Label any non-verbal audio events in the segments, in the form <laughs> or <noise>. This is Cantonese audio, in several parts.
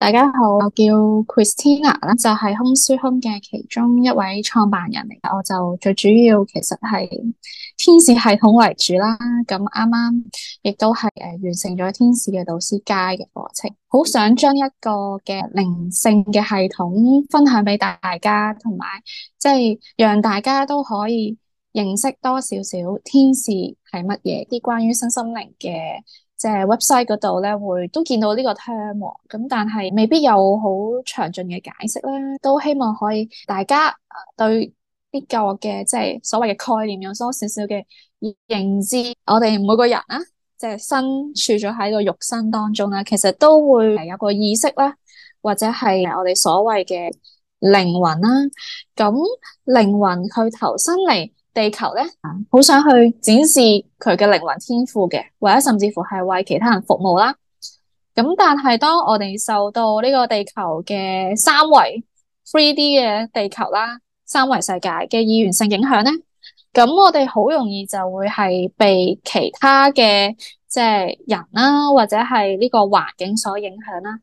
大家好，我叫 Christina 啦，就係 Home Sweet Home 嘅其中一位創辦人嚟噶我就最主要其實係天使系統為主啦。咁啱啱亦都係誒完成咗天使嘅導師階嘅課程，好想將一個嘅靈性嘅系統分享俾大家，同埋即係讓大家都可以認識多少少天使係乜嘢，啲關於身心靈嘅。即係 website 嗰度咧，會都見到呢個 term，咁但係未必有好詳盡嘅解釋啦。都希望可以大家對呢個嘅即係所謂嘅概念有所少少嘅認知。我哋每個人啦，即係身處咗喺個肉身當中啦，其實都會有個意識啦，或者係我哋所謂嘅靈魂啦。咁靈魂佢投身嚟地球咧，好想去展示佢嘅靈魂天賦嘅，或者甚至乎係為其他人服務啦。咁但係當我哋受到呢個地球嘅三維 three D 嘅地球啦，三維世界嘅二元性影響咧，咁我哋好容易就會係被其他嘅即係人啦，或者係呢個環境所影響啦。誒、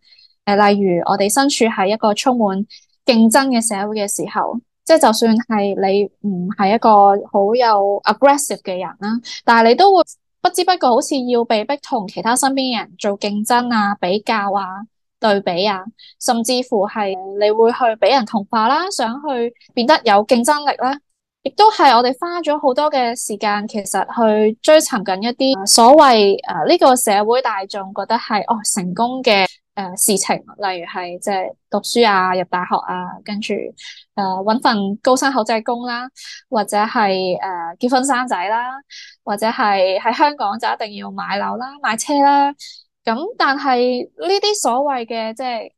呃，例如我哋身處喺一個充滿競爭嘅社會嘅時候。即係就算係你唔係一個好有 aggressive 嘅人啦，但係你都會不知不覺好似要被逼同其他身邊嘅人做競爭啊、比較啊、對比啊，甚至乎係你會去俾人同化啦，想去變得有競爭力啦，亦都係我哋花咗好多嘅時間，其實去追尋緊一啲所謂誒呢個社會大眾覺得係哦成功嘅。誒、呃，事情例如係即係讀書啊，入大學啊，跟住誒搵份高薪厚職工啦，或者係誒、呃、結婚生仔啦，或者係喺香港就一定要買樓啦、買車啦。咁但係呢啲所謂嘅即係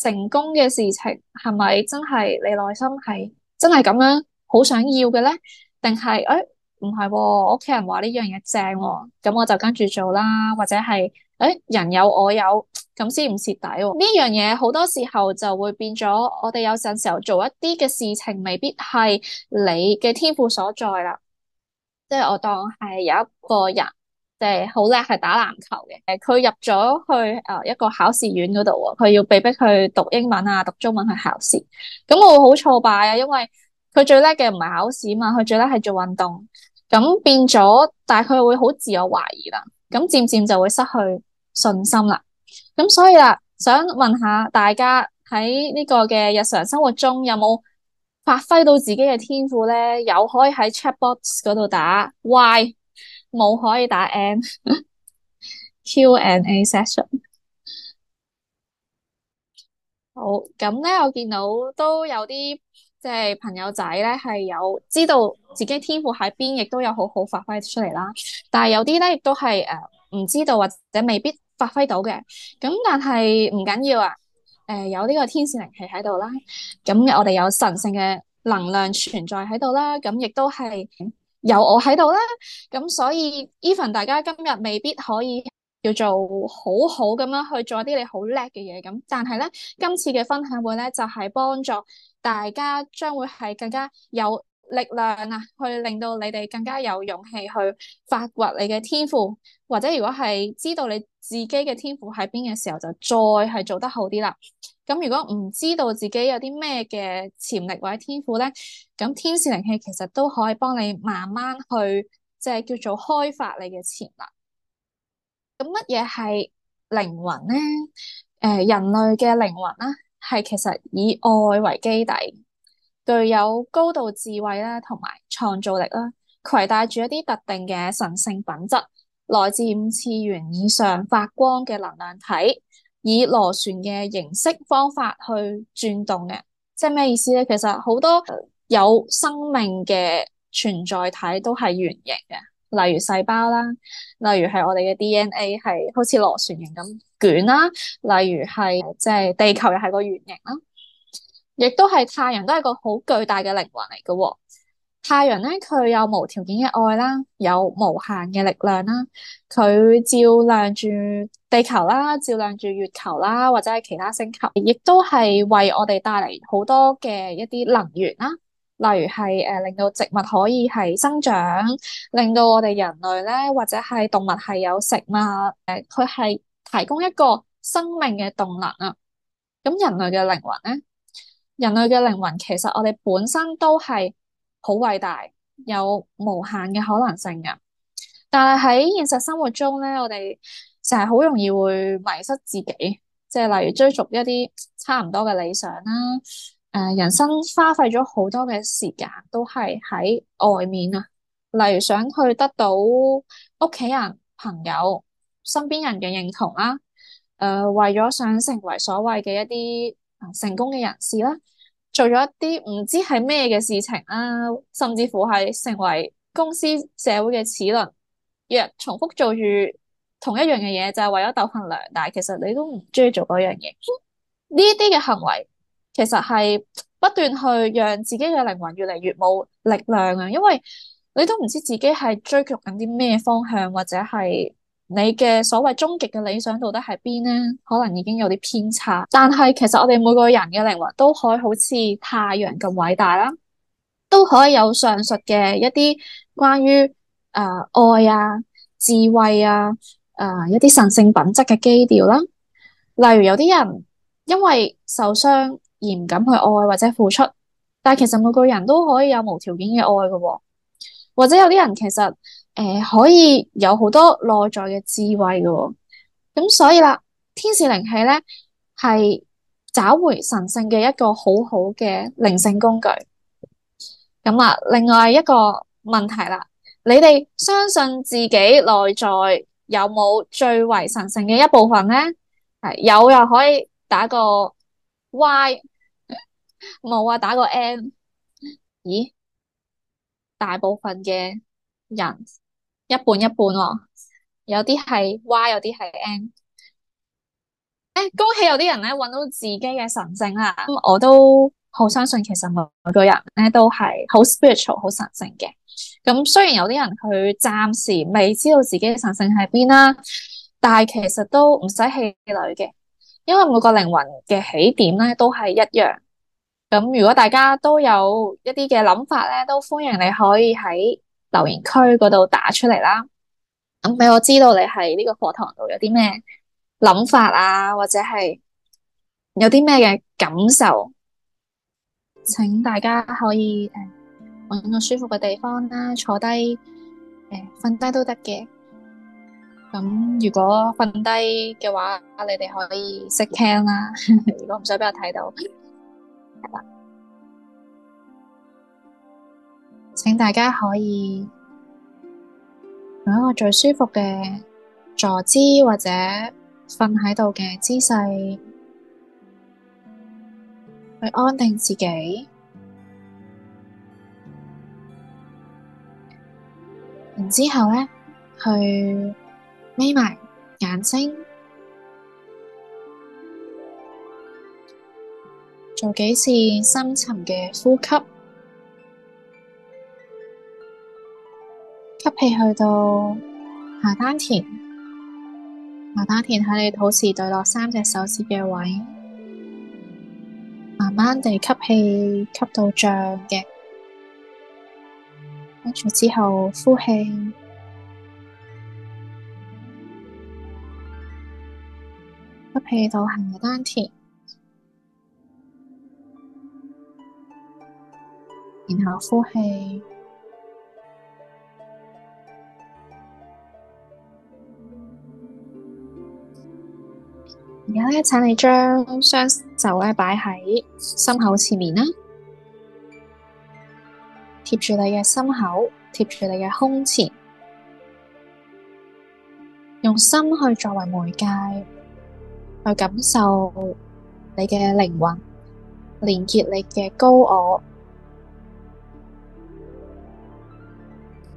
成功嘅事情，係咪真係你內心係真係咁樣好想要嘅咧？定係誒唔係？我屋企人話呢樣嘢正、哦，咁我就跟住做啦，或者係。誒人有我有咁先唔蝕底喎，呢樣嘢好多時候就會變咗，我哋有陣時候做一啲嘅事情，未必係你嘅天賦所在啦。即係我當係有一個人，即係好叻係打籃球嘅，佢、呃、入咗去誒一個考試院嗰度啊，佢要被逼去讀英文啊，讀中文去考試，咁我會好挫敗啊，因為佢最叻嘅唔係考試啊嘛，佢最叻係做運動，咁變咗，但係佢會好自我懷疑啦，咁漸漸就會失去。信心啦，咁所以啦，想問下大家喺呢個嘅日常生活中有冇發揮到自己嘅天賦咧？有可以喺 chat box 嗰度打 Y，冇可以打 N。Q and A session。好，咁咧我見到都有啲即係朋友仔咧係有知道自己天賦喺邊，亦都有好好發揮出嚟啦。但係有啲咧亦都係誒。唔知道或者未必發揮到嘅，咁但係唔緊要啊！誒、呃，有呢個天使靈氣喺度啦，咁我哋有神聖嘅能量存在喺度啦，咁亦都係有我喺度啦，咁所以 even 大家今日未必可以叫做好好咁樣去做一啲你好叻嘅嘢，咁但係咧今次嘅分享會咧就係、是、幫助大家將會係更加有。力量啊，去令到你哋更加有勇氣去發掘你嘅天賦，或者如果係知道你自己嘅天賦喺邊嘅時候，就再係做得好啲啦。咁如果唔知道自己有啲咩嘅潛力或者天賦咧，咁天使靈氣其實都可以幫你慢慢去，即係叫做開發你嘅潛能。咁乜嘢係靈魂咧？誒、呃，人類嘅靈魂咧，係其實以愛為基底。具有高度智慧啦，同埋創造力啦，攜帶住一啲特定嘅神聖品質，來自五次元以上發光嘅能量體，以螺旋嘅形式方法去轉動嘅，即係咩意思咧？其實好多有生命嘅存在體都係圓形嘅，例如細胞啦，例如係我哋嘅 DNA 係好似螺旋形咁捲啦，例如係即係地球又係個圓形啦。亦都係太陽，都係個好巨大嘅靈魂嚟嘅，哦。太陽咧，佢有無條件嘅愛啦，有無限嘅力量啦。佢照亮住地球啦，照亮住月球啦，或者係其他星球，亦都係為我哋帶嚟好多嘅一啲能源啦。例如係誒、呃，令到植物可以係生長，令到我哋人類咧，或者係動物係有食物。誒、呃，佢係提供一個生命嘅動能啊。咁人類嘅靈魂咧。人類嘅靈魂，其實我哋本身都係好偉大，有無限嘅可能性噶但係喺現實生活中咧，我哋成日好容易會迷失自己，即係例如追逐一啲差唔多嘅理想啦。誒，人生花費咗好多嘅時間，都係喺外面啊。例如想去得到屋企人、朋友、身邊人嘅認同啦。誒，為咗想成為所謂嘅一啲。成功嘅人士啦，做咗一啲唔知係咩嘅事情啊，甚至乎係成為公司社會嘅齒輪，日重複做住同一樣嘅嘢，就係、是、為咗斗份糧。但係其實你都唔中意做嗰樣嘢。呢啲嘅行為，其實係不斷去讓自己嘅靈魂越嚟越冇力量啊，因為你都唔知自己係追求緊啲咩方向，或者係。你嘅所謂終極嘅理想到底係邊呢？可能已經有啲偏差，但係其實我哋每個人嘅靈魂都可以好似太陽咁偉大啦，都可以有上述嘅一啲關於誒、呃、愛啊、智慧啊、誒、呃、一啲神性品質嘅基調啦。例如有啲人因為受傷而唔敢去愛或者付出，但係其實每個人都可以有無條件嘅愛㗎、哦，或者有啲人其實。誒、呃，可以有好多內在嘅智慧嘅、哦，咁所以啦，天使靈氣咧係找回神聖嘅一個好好嘅靈性工具。咁啊，另外一個問題啦，你哋相信自己內在有冇最為神聖嘅一部分咧？係有又可以打個 Y，冇 <laughs> 啊打個 N。咦，大部分嘅人。一半一半喎、哦，有啲係 Y，有啲係 N。誒、哎，恭喜有啲人咧揾到自己嘅神聖啦！咁我都好相信，其實每個人咧都係好 spiritual、好神聖嘅。咁雖然有啲人佢暫時未知道自己嘅神聖喺邊啦，但係其實都唔使氣餒嘅，因為每個靈魂嘅起點咧都係一樣。咁如果大家都有一啲嘅諗法咧，都歡迎你可以喺，留言區嗰度打出嚟啦，咁俾我知道你喺呢個課堂度有啲咩諗法啊，或者係有啲咩嘅感受。請大家可以誒搵、呃、個舒服嘅地方啦，啊，坐低誒瞓低都得嘅。咁、呃、如果瞓低嘅話，你哋可以熄 cam 啦， <laughs> 如果唔想俾我睇到。 <laughs> 請大家可以用一個最舒服嘅坐姿或者瞓喺度嘅姿勢去安定自己，然之後呢去眯埋眼睛，做幾次深沉嘅呼吸。吸氣去到下丹田，下丹田喺你肚臍對落三隻手指嘅位，慢慢地吸氣吸到脹嘅，跟住之後呼氣，吸氣到下丹田，然後呼氣。而家咧，請你將雙手咧擺喺心口前面啦，貼住你嘅心口，貼住你嘅胸前，用心去作為媒介，去感受你嘅靈魂，連結你嘅高我。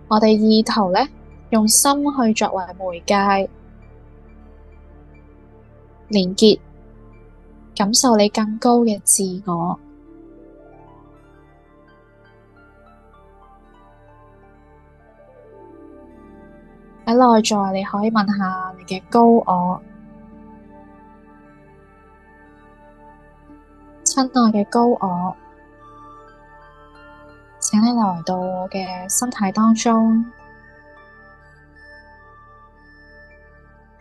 我哋意圖咧，用心去作為媒介。連結，感受你更高嘅自我。喺內在，你可以問下你嘅高我，親愛嘅高我，請你來到我嘅身體當中，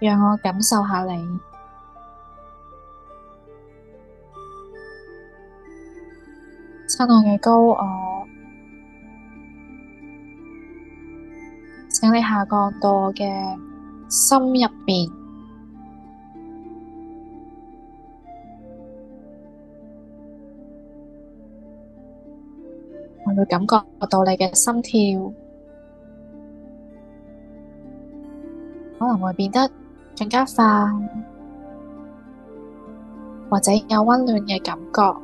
讓我感受下你。親愛嘅高我，請你下降到我嘅心入邊，我會感覺到你嘅心跳，可能會變得更加快，或者有溫暖嘅感覺。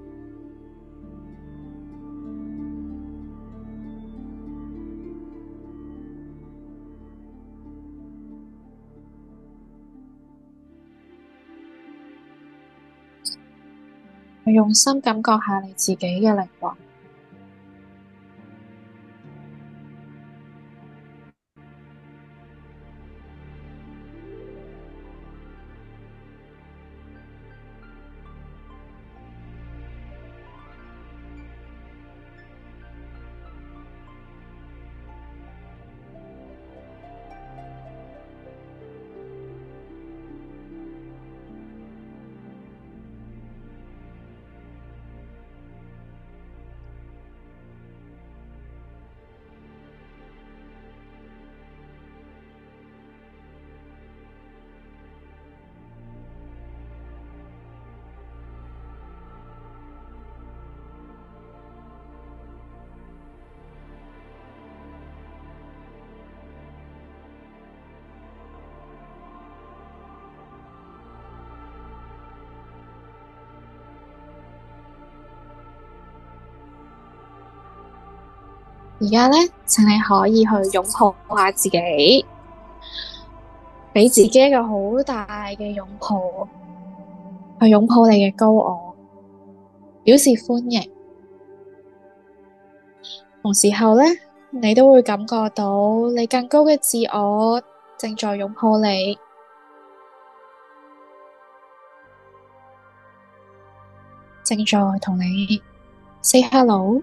用心感覺下你自己嘅靈魂。而家咧，請你可以去擁抱下自己，俾自己一個好大嘅擁抱，去擁抱你嘅高我，表示歡迎。同時候咧，你都會感覺到你更高嘅自我正在擁抱你，正在同你 say hello。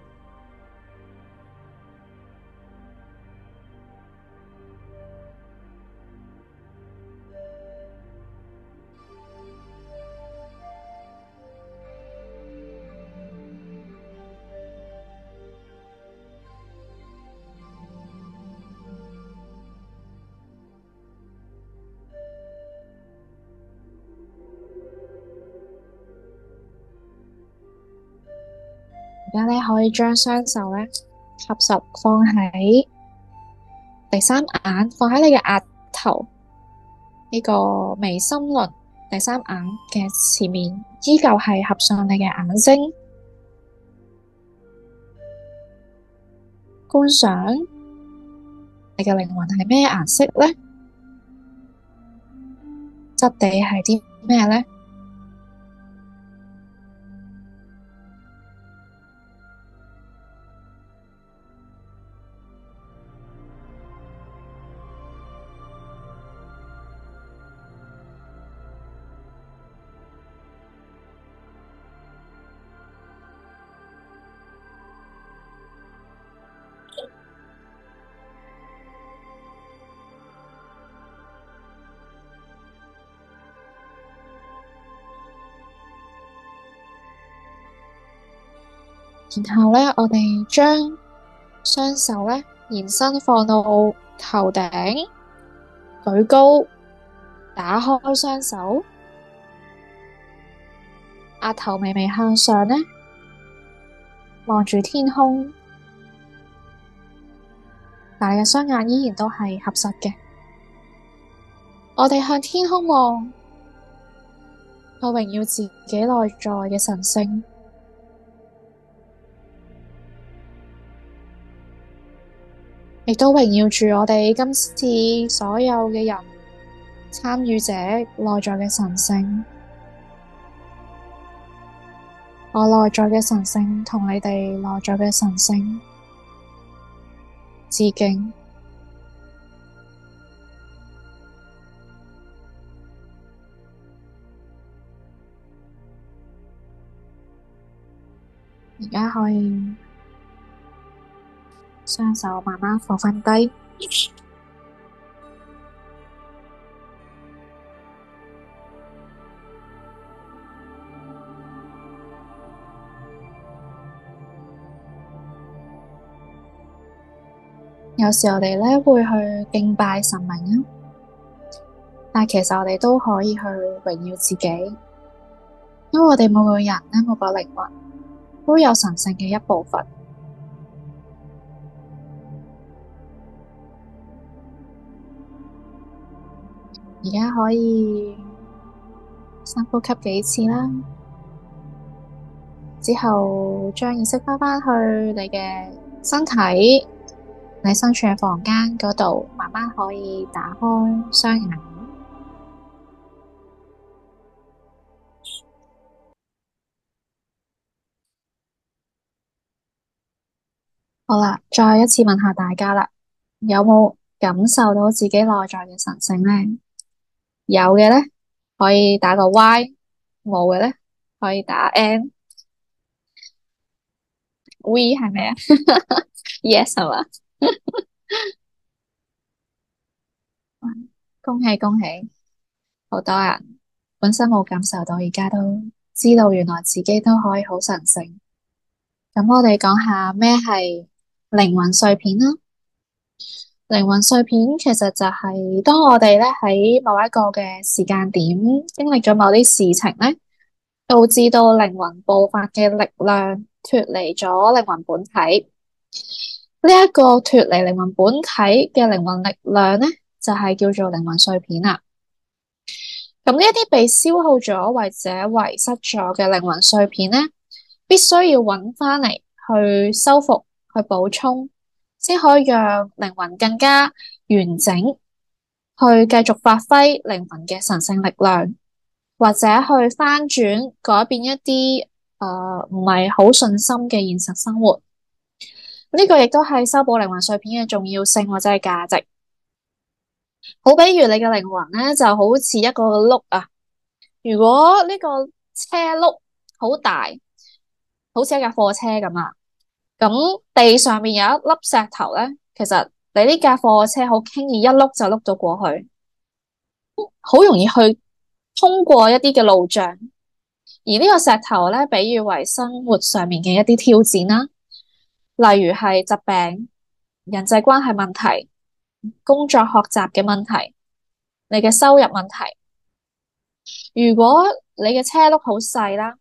而家咧，可以將雙手咧，合十放喺第三眼，放喺你嘅額頭呢個眉心輪第三眼嘅前面，依舊係合上你嘅眼睛，觀賞你嘅靈魂係咩顏色咧？質地係啲咩咧？然後咧，我哋將雙手咧延伸放到頭頂，舉高，打開雙手，額頭微微向上咧，望住天空。但你嘅雙眼依然都係合實嘅。我哋向天空望，去榮耀自己內在嘅神聖。亦都榮耀住我哋今次所有嘅人參與者內在嘅神聖，我內在嘅神聖同你哋內在嘅神聖致敬，而家可以。雙手慢慢放翻低。有時我哋咧會去敬拜神明啊，但係其實我哋都可以去榮耀自己，因為我哋每個人咧，每個靈魂都有神聖嘅一部分。而家可以深呼吸幾次啦，之後將意識翻返去你嘅身體，你身處嘅房間嗰度，慢慢可以打開雙眼。好啦，再一次問下大家啦，有冇感受到自己內在嘅神性呢？有嘅咧，可以打個 Y；冇嘅咧，可以打 N。We, 係咪。We 係咪啊？Yes 係恭喜恭喜！好多人本身冇感受到，而家都知道原來自己都可以好神聖。咁我哋講下咩係靈魂碎片啦。靈魂碎片其實就係當我哋咧喺某一個嘅時間點經歷咗某啲事情咧，導致到靈魂部分嘅力量脫離咗靈魂本體，呢一個脫離靈魂本體嘅靈魂力量咧，就係叫做靈魂碎片啦。咁呢一啲被消耗咗或者遺失咗嘅靈魂碎片咧，必須要揾翻嚟，去修復去補充，先可以讓靈魂更加完整，去繼續發揮靈魂嘅神聖力量，或者去翻轉改變一啲誒唔係好信心嘅現實生活。呢個亦都係修補靈魂碎片嘅重要性或者係價值。好，比如你嘅靈魂咧就好似一個碌啊，如果呢個車碌好大，好似一架貨車咁啊。咁地上面有一粒石頭咧，其實你呢架貨車好輕易一碌就碌咗過去，好容易去通過一啲嘅路障。而呢個石頭咧，比喻為生活上面嘅一啲挑戰啦，例如係疾病、人際關係問題、工作學習嘅問題、你嘅收入問題。如果你嘅車碌好細啦，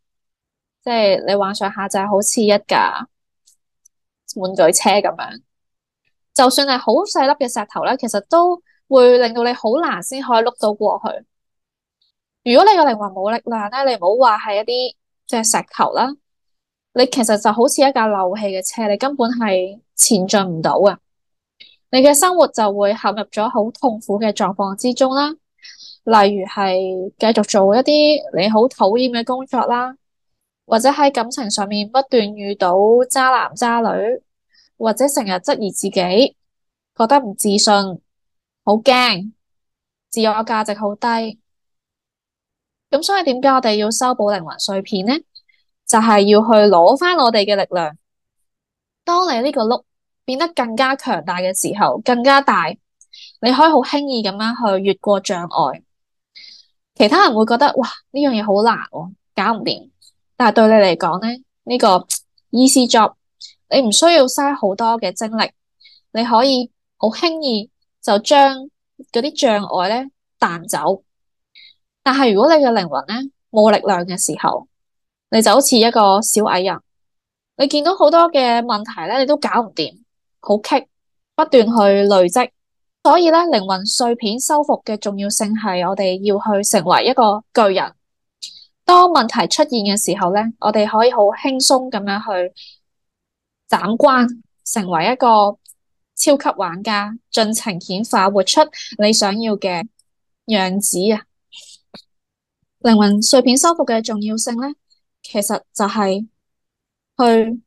即係你幻想下就係好似一架。玩具車咁樣，就算係好細粒嘅石頭咧，其實都會令到你好難先可以碌到過去。如果你個靈魂冇力量咧，你唔好話係一啲即係石頭啦，你其實就好似一架漏氣嘅車，你根本係前進唔到啊！你嘅生活就會陷入咗好痛苦嘅狀況之中啦，例如係繼續做一啲你好討厭嘅工作啦。或者喺感情上面不斷遇到渣男渣女，或者成日質疑自己，覺得唔自信，好驚，自我價值好低。咁所以點解我哋要修補靈魂碎片呢？就係要去攞返我哋嘅力量。當你呢個碌變得更加強大嘅時候，更加大，你可以好輕易咁樣去越過障礙。其他人會覺得哇，呢樣嘢好難喎，搞唔掂。但係對你嚟講咧，呢個 easy job 你唔需要嘥好多嘅精力，你可以好輕易就將嗰啲障礙咧彈走。但係如果你嘅靈魂咧冇力量嘅時候，你就好似一個小矮人，你見到好多嘅問題咧，你都搞唔掂，好棘，不斷去累積，所以咧靈魂碎片修復嘅重要性係我哋要去成為一個巨人。當問題出現嘅時候呢，我哋可以好輕鬆咁樣去斬關，成為一個超級玩家，盡情顯化，活出你想要嘅樣子啊！靈魂碎片修復嘅重要性呢，其實就係去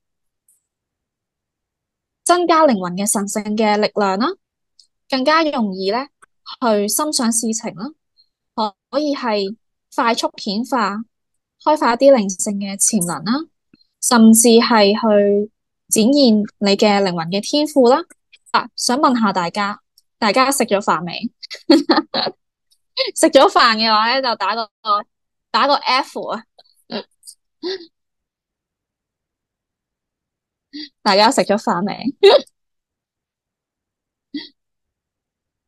增加靈魂嘅神聖嘅力量啦，更加容易呢去心想事成啦，可以係快速顯化。開發一啲靈性嘅潛能啦，甚至係去展現你嘅靈魂嘅天賦啦。啊，想問下大家，大家食咗飯未？食咗飯嘅話咧，就打個打個 F 啊！ <laughs> 大家食咗飯未？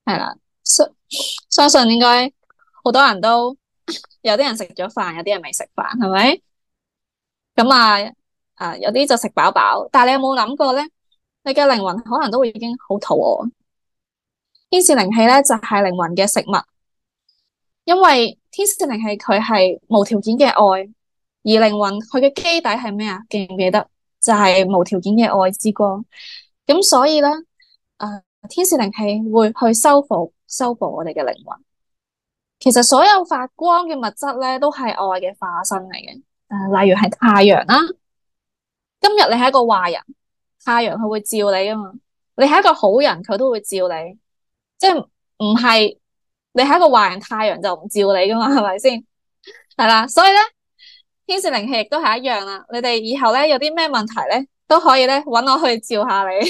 係 <laughs> 啦，相相信應該好多人都。有啲人食咗飯，有啲人未食飯，係咪？咁啊，啊、呃、有啲就食飽飽，但係你有冇諗過咧？你嘅靈魂可能都會已經好肚餓。天使靈氣咧就係、是、靈魂嘅食物，因為天使靈氣佢係無條件嘅愛，而靈魂佢嘅基底係咩啊？記唔記得？就係、是、無條件嘅愛之光。咁所以咧，啊、呃、天使靈氣會去修復修復我哋嘅靈魂。其實所有發光嘅物質咧，都係愛嘅化身嚟嘅。誒、呃，例如係太陽啦、啊。今日你係一個壞人，太陽佢會照你噶嘛？你係一個好人，佢都會照你。即係唔係你係一個壞人，太陽就唔照你噶嘛？係咪先？係啦，所以咧，天使靈氣亦都係一樣啦。你哋以後咧有啲咩問題咧，都可以咧揾我去照下你。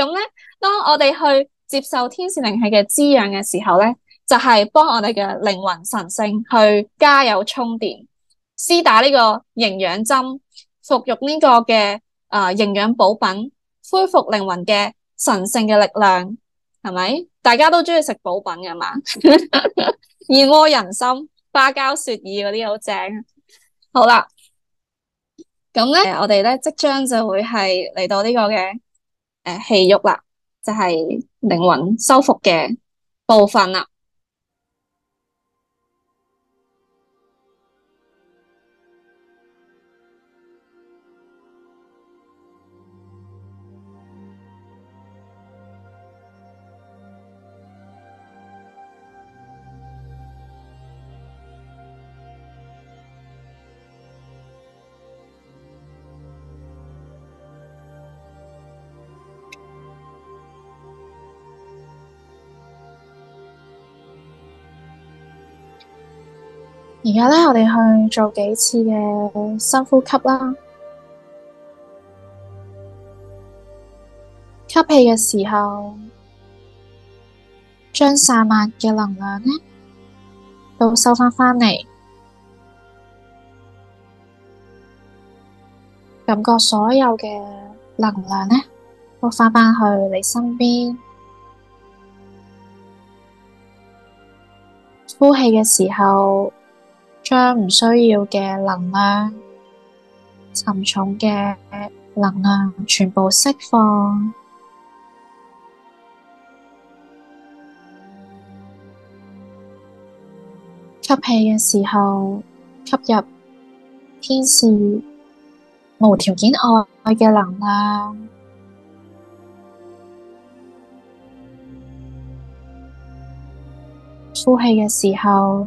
咁 <laughs> 咧，當我哋去接受天使靈氣嘅滋養嘅時候咧。就係幫我哋嘅靈魂神聖去加油充電，施打呢個營養針，服用呢個嘅啊營養補品，恢復靈魂嘅神聖嘅力量，係咪？大家都中意食補品嘅嘛？ <laughs> <laughs> 燕窩、人參、花膠、雪耳嗰啲好正。好啦，咁咧我哋呢即將就會係嚟到呢個嘅誒戲肉啦，就係、是、靈魂修復嘅部分啦。而家咧，我哋去做幾次嘅深呼吸啦。吸氣嘅時候，將散漫嘅能量咧，都收翻翻嚟，感覺所有嘅能量咧，都返返去你身邊。呼氣嘅時候。將唔需要嘅能量，沉重嘅能量全部釋放。吸氣嘅時候，吸入天使無條件愛愛嘅能量；呼氣嘅時候。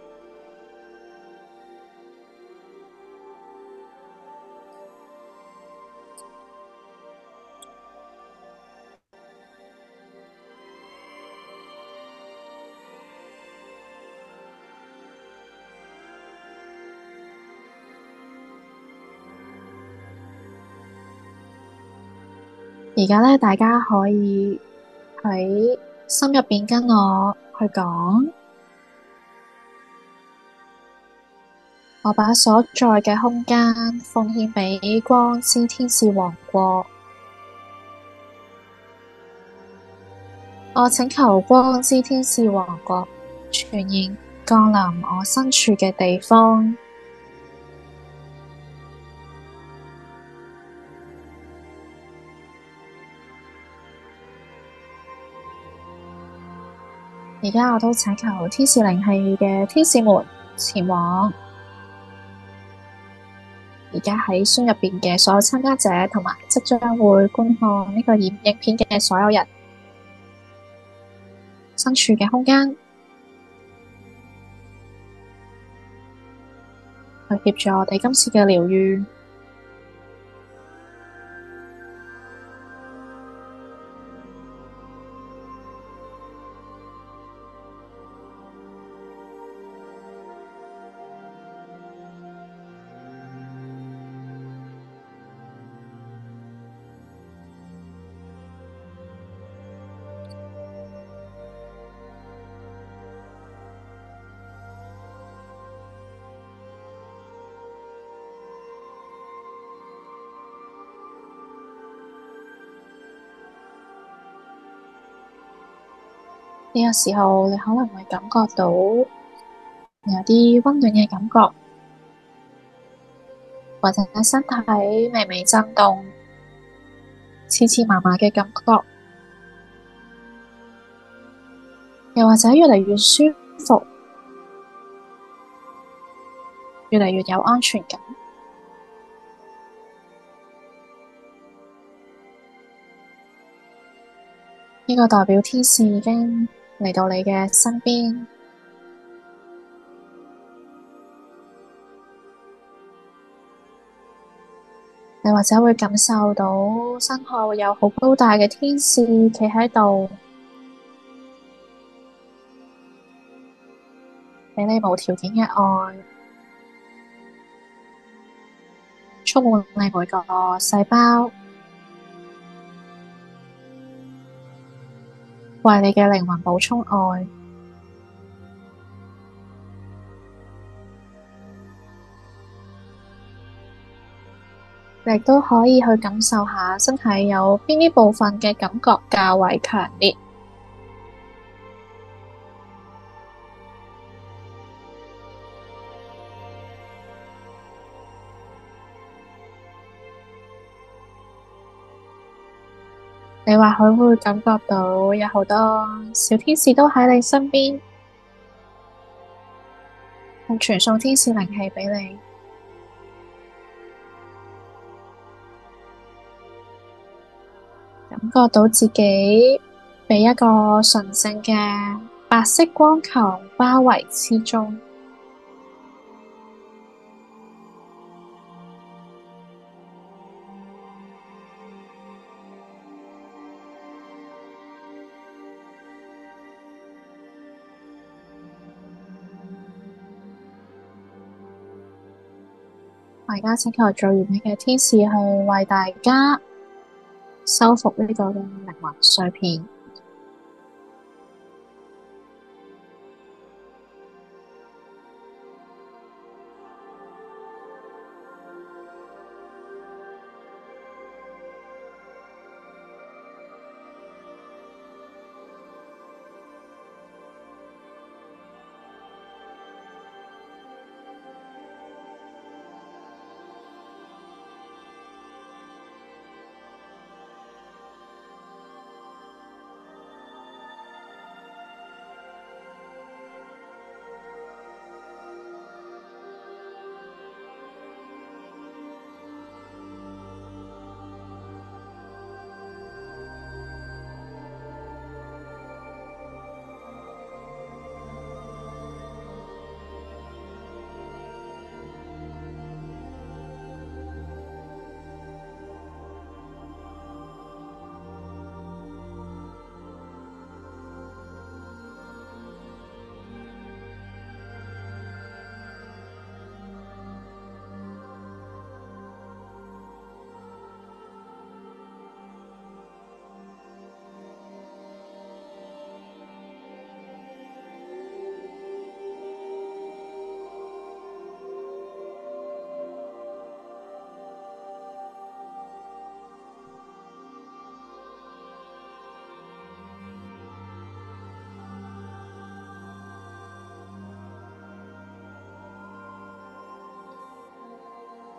而家咧，大家可以喺心入邊跟我去講，我把所在嘅空間奉獻畀光之天使王國，我請求光之天使王國，傳言降臨我身處嘅地方。而家我都請求天使靈氣嘅天使們前往，而家喺村入邊嘅所有參加者同埋即將會觀看呢個演影片嘅所有人，身處嘅空間，去協助我哋今次嘅療愈。有時候你可能會感覺到有啲溫暖嘅感覺，或者你身體微微震動、刺刺麻麻嘅感覺，又或者越嚟越舒服，越嚟越有安全感。呢個代表天使已經。嚟到你嘅身邊，你或者會感受到身後有好高大嘅天使企喺度，俾你無條件嘅愛，充滿你每個細胞。為你嘅靈魂補充愛，亦都可以去感受下身體有邊啲部分嘅感覺較為強烈。你話可唔可以感覺到有好多小天使都喺你身邊，用傳送天使靈氣畀你，感覺到自己被一個純正嘅白色光球包圍之中。大家請求最完美嘅天使去為大家修復呢個嘅靈魂碎片。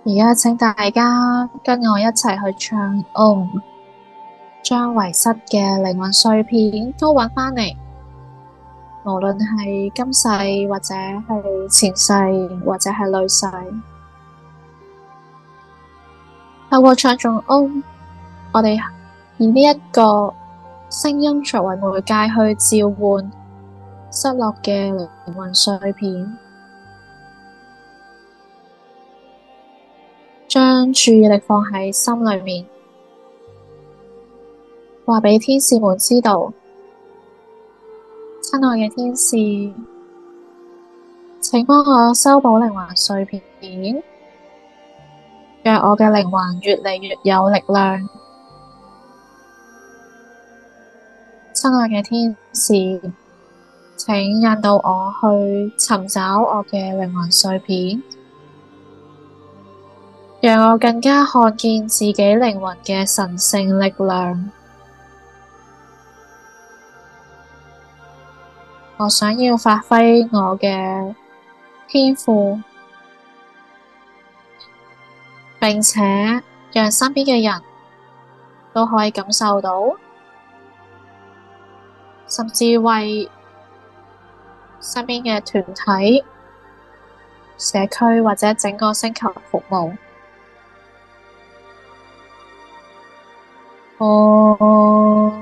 而家請大家跟我一齊去唱 Om，將遺失嘅靈魂碎片都揾返嚟。無論係今世，或者係前世，或者係累世，透過唱誦 Om，我哋以呢一個聲音作為媒介去召喚失落嘅靈魂碎片。注意力放喺心裏面，話俾天使們知道，親愛嘅天使，請幫我修補靈魂碎片，讓我嘅靈魂越嚟越有力量。親愛嘅天使，請引導我去尋找我嘅靈魂碎片。讓我更加看見自己靈魂嘅神聖力量。我想要發揮我嘅天賦，並且讓身邊嘅人都可以感受到，甚至為身邊嘅團體、社區或者整個星球服務。哦，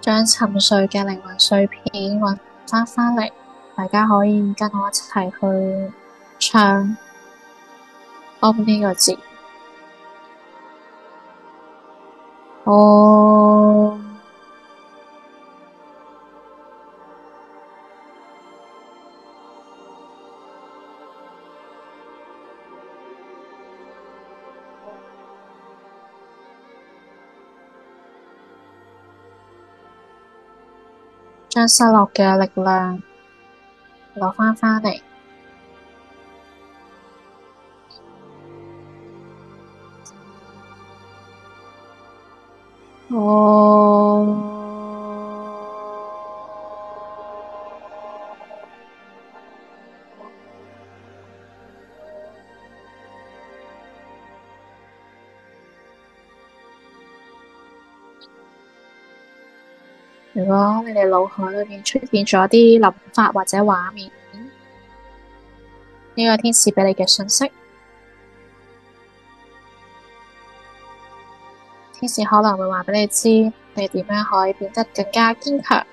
將沉睡嘅靈魂碎片揾返翻嚟，大家可以跟我一齊去唱呢個字。將失落嘅力量攞返返嚟。哦，oh。如果你哋腦海裏面出現咗啲諗法或者畫面，呢個天使畀你嘅訊息。天使可能會話畀你知，你點樣可以變得更加堅強，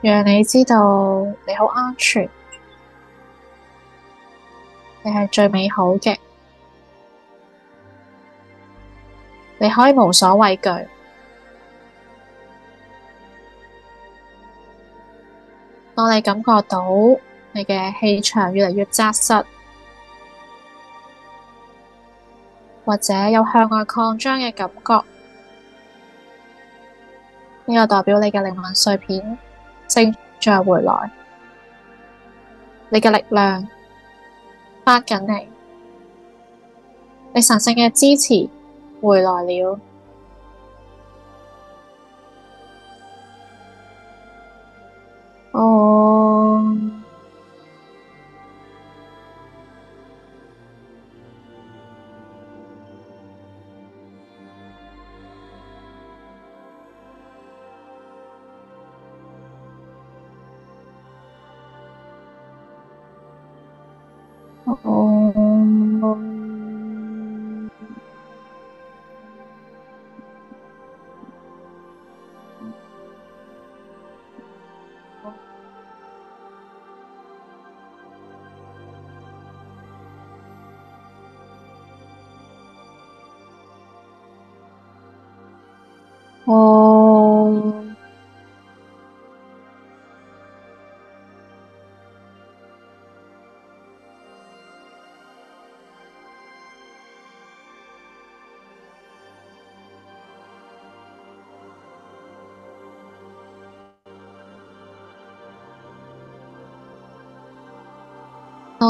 讓你知道你好安全，你係最美好嘅，你可以無所畏懼。當你感覺到你嘅氣場越嚟越紮實。或者有向外擴張嘅感覺，呢、這個代表你嘅靈魂碎片正在回來，你嘅力量返緊嚟，你神聖嘅支持回來了。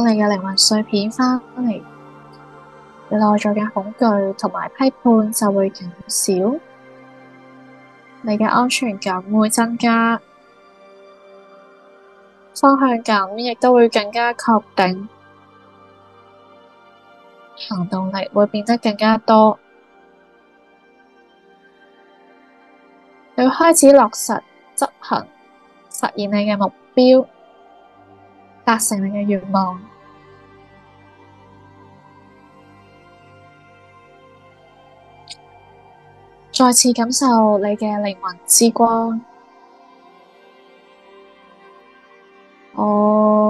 你嘅靈魂碎片翻翻嚟，你內在嘅恐懼同埋批判就會減少，你嘅安全感會增加，方向感亦都會更加確定，行動力會變得更加多，你開始落實執行，實現你嘅目標。達成你嘅願望，再次感受你嘅靈魂之光。我、oh.。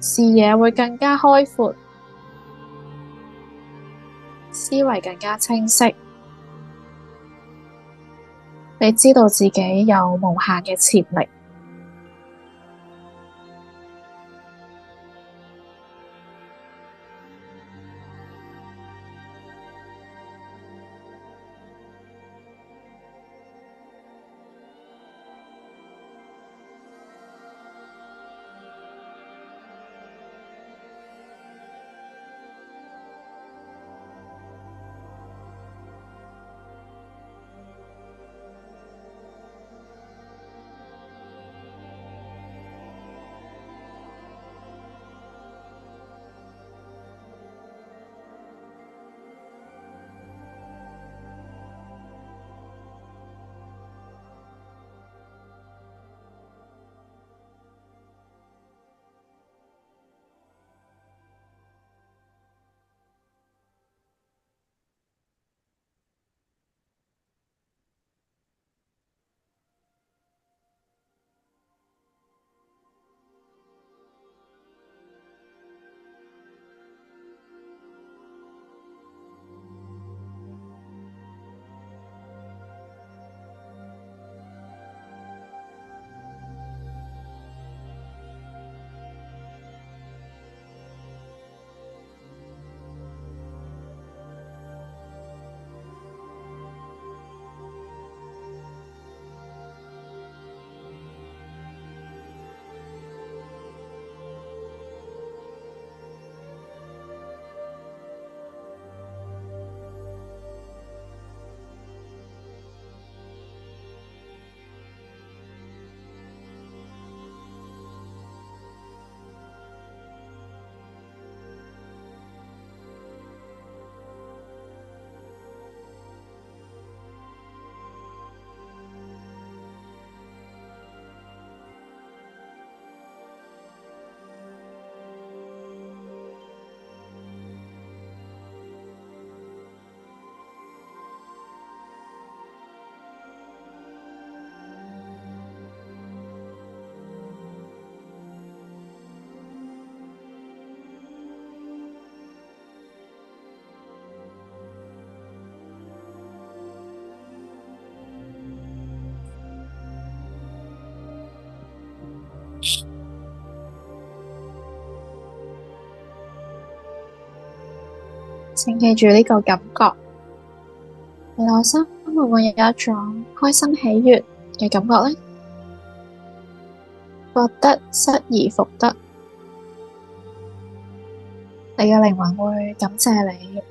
視野會更加開闊，思維更加清晰，你知道自己有無限嘅潛力。請記住呢個感覺，你內心會唔會有一種開心喜悦嘅感覺呢？覺得失而復得，你嘅靈魂會感謝你，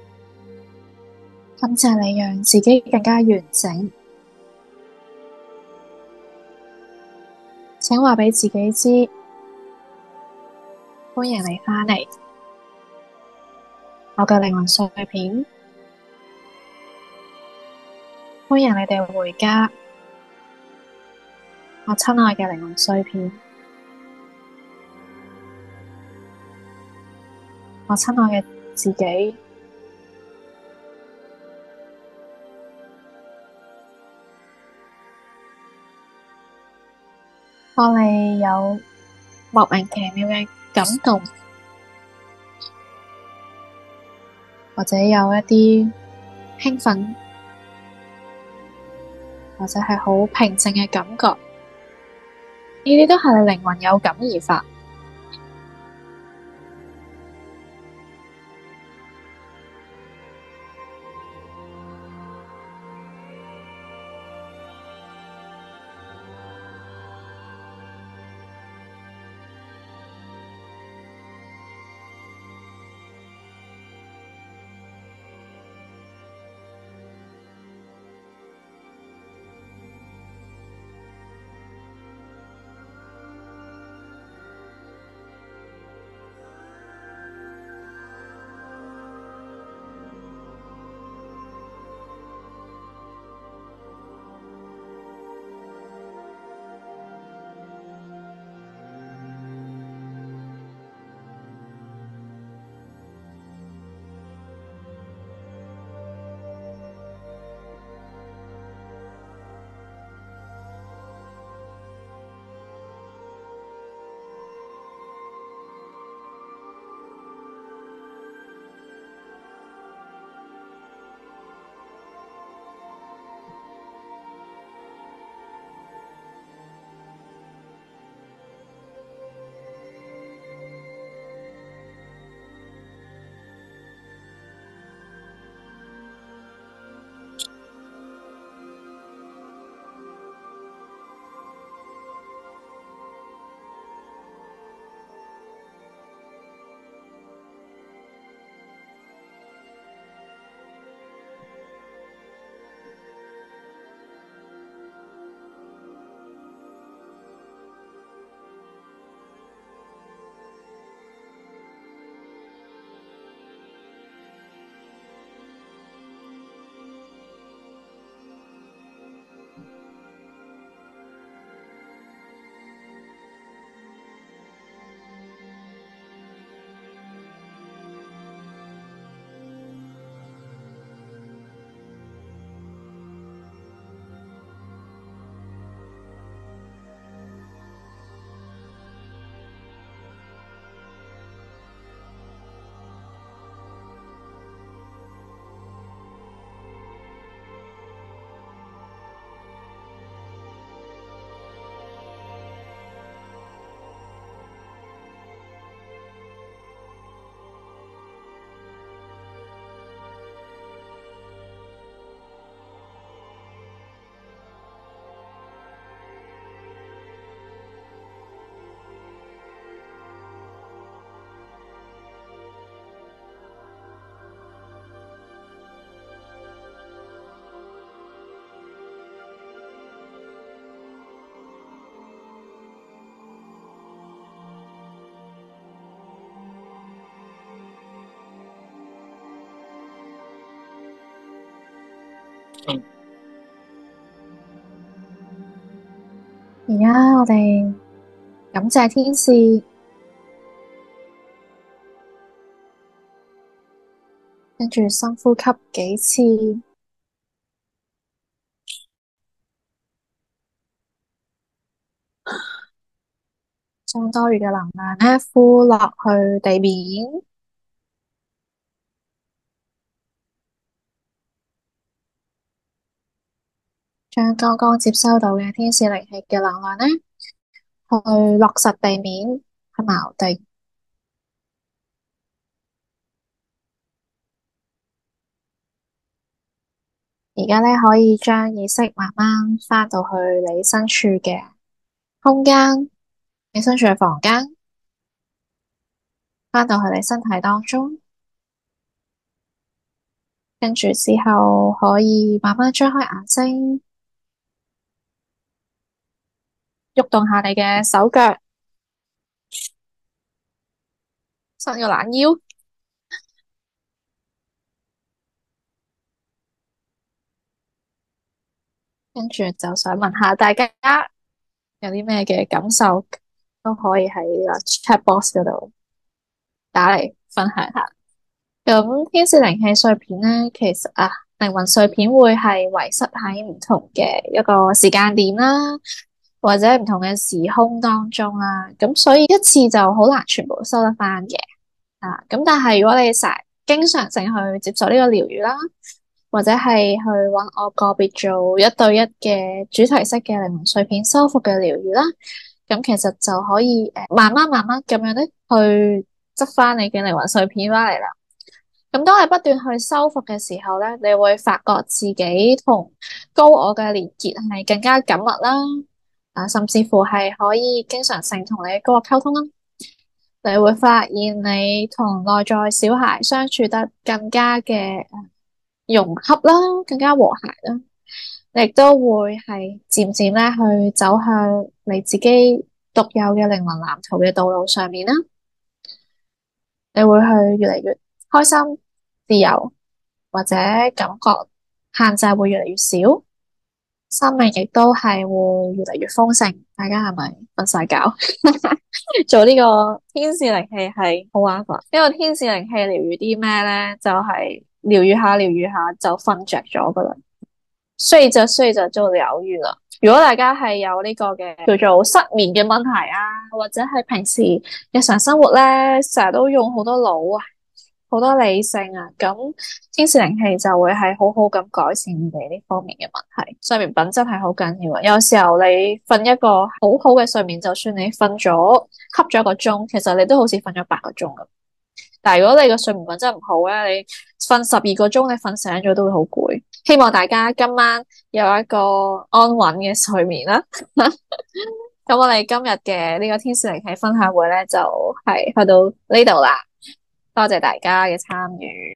感謝你讓自己更加完整。請話俾自己知，歡迎你翻嚟。我嘅靈魂碎片，歡迎你哋回家。我親愛嘅靈魂碎片，我親愛嘅自己，我哋有莫名其妙嘅感動。或者有一啲興奮，或者係好平靜嘅感覺，呢啲都係靈魂有感而發。而家我哋感謝天使，跟住深呼吸幾次，將多餘嘅能量呢，呼落去地面。將剛剛接收到嘅天使靈氣嘅能量呢，去落實地面嘅錨定。而家咧可以將意識慢慢翻到去你身處嘅空間，你身處嘅房間，翻到去你身體當中，跟住之後可以慢慢張開眼睛。喐動下你嘅手腳，伸個懶腰，跟住就想問下大家有啲咩嘅感受，都可以喺個 chat box 嗰度打嚟分享下。咁天使靈氣碎片咧，其實啊，靈魂碎片會係遺失喺唔同嘅一個時間點啦。或者唔同嘅時空當中啦，啊，咁所以一次就好難全部收得翻嘅啊。咁但係如果你成日經常性去接受呢個療愈啦，或者係去揾我個別做一對一嘅主題式嘅靈魂碎片修復嘅療愈啦，咁其實就可以誒，慢慢慢慢咁樣咧，去執翻你嘅靈魂碎片翻嚟啦。咁當你不斷去修復嘅時候咧，你會發覺自己同高我嘅連結係更加緊密啦。啊，甚至乎係可以經常性同你嗰個溝通啦，你會發現你同內在小孩相處得更加嘅融合啦，更加和諧啦，你亦都會係漸漸咧去走向你自己獨有嘅靈魂藍圖嘅道路上面啦，你會去越嚟越開心、自由，或者感覺限制會越嚟越少。生命亦都係會越嚟越豐盛，大家係咪瞓晒覺？ <laughs> <laughs> 做呢個天使靈氣係好麻煩，呢個天使靈氣療愈啲咩咧？就係療愈下療愈下就瞓着咗噶啦，瞓著瞓著就瞓就做療愈啦。如果大家係有呢個嘅叫做失眠嘅問題啊，或者係平時日常生活咧成日都用好多腦啊。好多理性啊，咁天使靈氣就會係好好咁改善你呢方面嘅問題。睡眠品質係好緊要啊，有時候你瞓一個好好嘅睡眠，就算你瞓咗吸咗一個鐘，其實你都好似瞓咗八個鐘咁。但係如果你個睡眠品質唔好咧，你瞓十二個鐘，你瞓醒咗都會好攰。希望大家今晚有一個安穩嘅睡眠啦。咁 <laughs> 我哋今日嘅呢個天使靈氣分享會咧，就係去到呢度啦。多謝大家嘅參與。